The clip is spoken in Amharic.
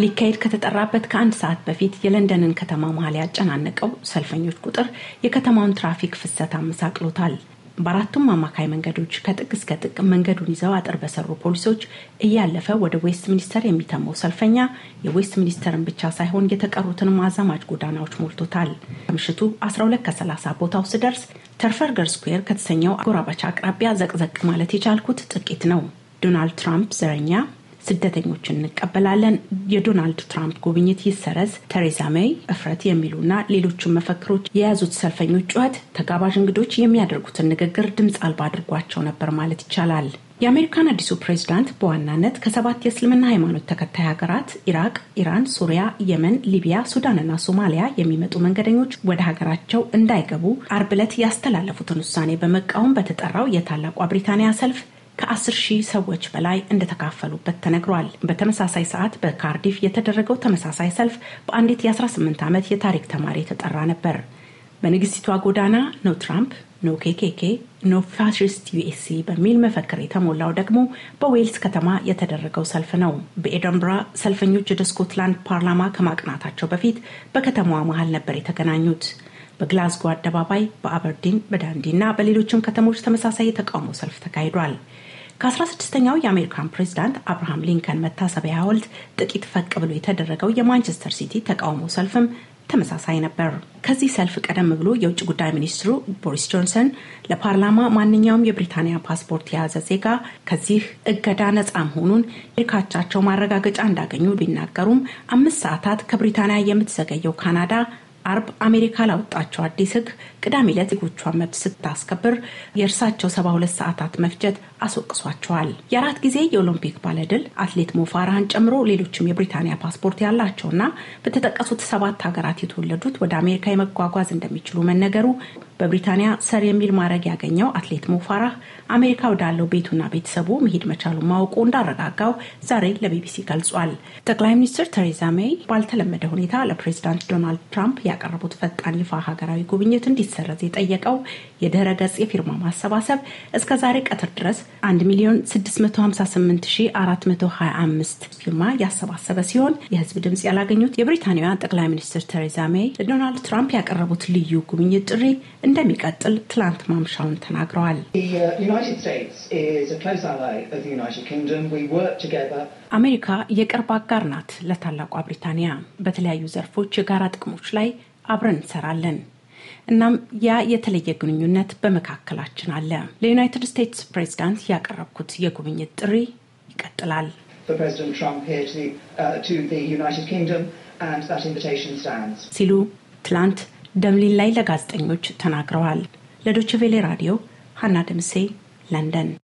ሊካሄድ ከተጠራበት ከአንድ ሰዓት በፊት የለንደንን ከተማ መሀል ያጨናነቀው ሰልፈኞች ቁጥር የከተማውን ትራፊክ ፍሰት አመሳቅሎታል። በአራቱም አማካይ መንገዶች ከጥቅ እስከ ጥቅ መንገዱን ይዘው አጥር በሰሩ ፖሊሶች እያለፈ ወደ ዌስት ሚኒስተር የሚተመው ሰልፈኛ የዌስት ሚኒስተርን ብቻ ሳይሆን የተቀሩትንም አዛማጅ ጎዳናዎች ሞልቶታል። ከምሽቱ 12 ከ30 ቦታው ስደርስ ተርፈርገር ስኩዌር ከተሰኘው አጎራባች አቅራቢያ ዘቅዘቅ ማለት የቻልኩት ጥቂት ነው። ዶናልድ ትራምፕ ዘረኛ ስደተኞችን እንቀበላለን፣ የዶናልድ ትራምፕ ጉብኝት ይሰረዝ፣ ቴሬዛ ሜይ እፍረት የሚሉና ሌሎቹን መፈክሮች የያዙት ሰልፈኞች ጩኸት ተጋባዥ እንግዶች የሚያደርጉትን ንግግር ድምፅ አልባ አድርጓቸው ነበር ማለት ይቻላል። የአሜሪካን አዲሱ ፕሬዚዳንት በዋናነት ከሰባት የእስልምና ሃይማኖት ተከታይ ሀገራት ኢራቅ፣ ኢራን፣ ሱሪያ፣ የመን፣ ሊቢያ፣ ሱዳንና ሶማሊያ የሚመጡ መንገደኞች ወደ ሀገራቸው እንዳይገቡ አርብ ዕለት ያስተላለፉትን ውሳኔ በመቃወም በተጠራው የታላቋ ብሪታንያ ሰልፍ ከአስር ሺህ ሰዎች በላይ እንደተካፈሉበት ተነግሯል። በተመሳሳይ ሰዓት በካርዲፍ የተደረገው ተመሳሳይ ሰልፍ በአንዲት የ18 ዓመት የታሪክ ተማሪ የተጠራ ነበር። በንግስቲቷ ጎዳና ኖ ትራምፕ፣ ኖ ኬኬኬ፣ ኖ ፋሽስት ዩኤስሲ በሚል መፈክር የተሞላው ደግሞ በዌልስ ከተማ የተደረገው ሰልፍ ነው። በኤደንብራ ሰልፈኞች ወደ ስኮትላንድ ፓርላማ ከማቅናታቸው በፊት በከተማዋ መሀል ነበር የተገናኙት። በግላስጎ አደባባይ፣ በአበርዲን፣ በዳንዲና እና በሌሎችም ከተሞች ተመሳሳይ የተቃውሞ ሰልፍ ተካሂዷል። ከ16ኛው የአሜሪካን ፕሬዚዳንት አብርሃም ሊንከን መታሰቢያ ሐውልት ጥቂት ፈቅ ብሎ የተደረገው የማንቸስተር ሲቲ ተቃውሞ ሰልፍም ተመሳሳይ ነበር። ከዚህ ሰልፍ ቀደም ብሎ የውጭ ጉዳይ ሚኒስትሩ ቦሪስ ጆንሰን ለፓርላማ ማንኛውም የብሪታንያ ፓስፖርት የያዘ ዜጋ ከዚህ እገዳ ነፃ መሆኑን የካቻቸው ማረጋገጫ እንዳገኙ ቢናገሩም አምስት ሰዓታት ከብሪታንያ የምትዘገየው ካናዳ አርብ አሜሪካ ላወጣቸው አዲስ ህግ ቅዳሜ ለዜጎቿ መብት ስታስከብር የእርሳቸው ሰባ ሁለት ሰዓታት መፍጀት አስወቅሷቸዋል። የአራት ጊዜ የኦሎምፒክ ባለድል አትሌት ሞፋራህን ጨምሮ ሌሎችም የብሪታንያ ፓስፖርት ያላቸውና በተጠቀሱት ሰባት ሀገራት የተወለዱት ወደ አሜሪካ የመጓጓዝ እንደሚችሉ መነገሩ በብሪታንያ ሰር የሚል ማድረግ ያገኘው አትሌት ሞፋራህ አሜሪካ ወዳለው ቤቱና ቤተሰቡ መሄድ መቻሉን ማወቁ እንዳረጋጋው ዛሬ ለቢቢሲ ገልጿል። ጠቅላይ ሚኒስትር ተሬዛ ሜይ ባልተለመደ ሁኔታ ለፕሬዚዳንት ዶናልድ ትራምፕ ያቀረቡት ፈጣን ይፋ ሀገራዊ ጉብኝት እንዲሰረዝ የጠየቀው የድህረ ገጽ የፊርማ ማሰባሰብ እስከ ዛሬ ቀትር ድረስ 1 ሚሊዮን 658425 ፊርማ ያሰባሰበ ሲሆን የህዝብ ድምፅ ያላገኙት የብሪታንያ ጠቅላይ ሚኒስትር ቴሬዛ ሜይ ለዶናልድ ትራምፕ ያቀረቡት ልዩ ጉብኝት ጥሪ እንደሚቀጥል ትላንት ማምሻውን ተናግረዋል። አሜሪካ የቅርብ አጋር ናት ለታላቋ ብሪታንያ። በተለያዩ ዘርፎች የጋራ ጥቅሞች ላይ አብረን እንሰራለን። እናም ያ የተለየ ግንኙነት በመካከላችን አለ። ለዩናይትድ ስቴትስ ፕሬዚዳንት ያቀረብኩት የጉብኝት ጥሪ ይቀጥላል። uh, ሲሉ ትላንት ደምሊን ላይ ለጋዜጠኞች ተናግረዋል። ለዶችቬሌ ራዲዮ ሀና ደምሴ ለንደን።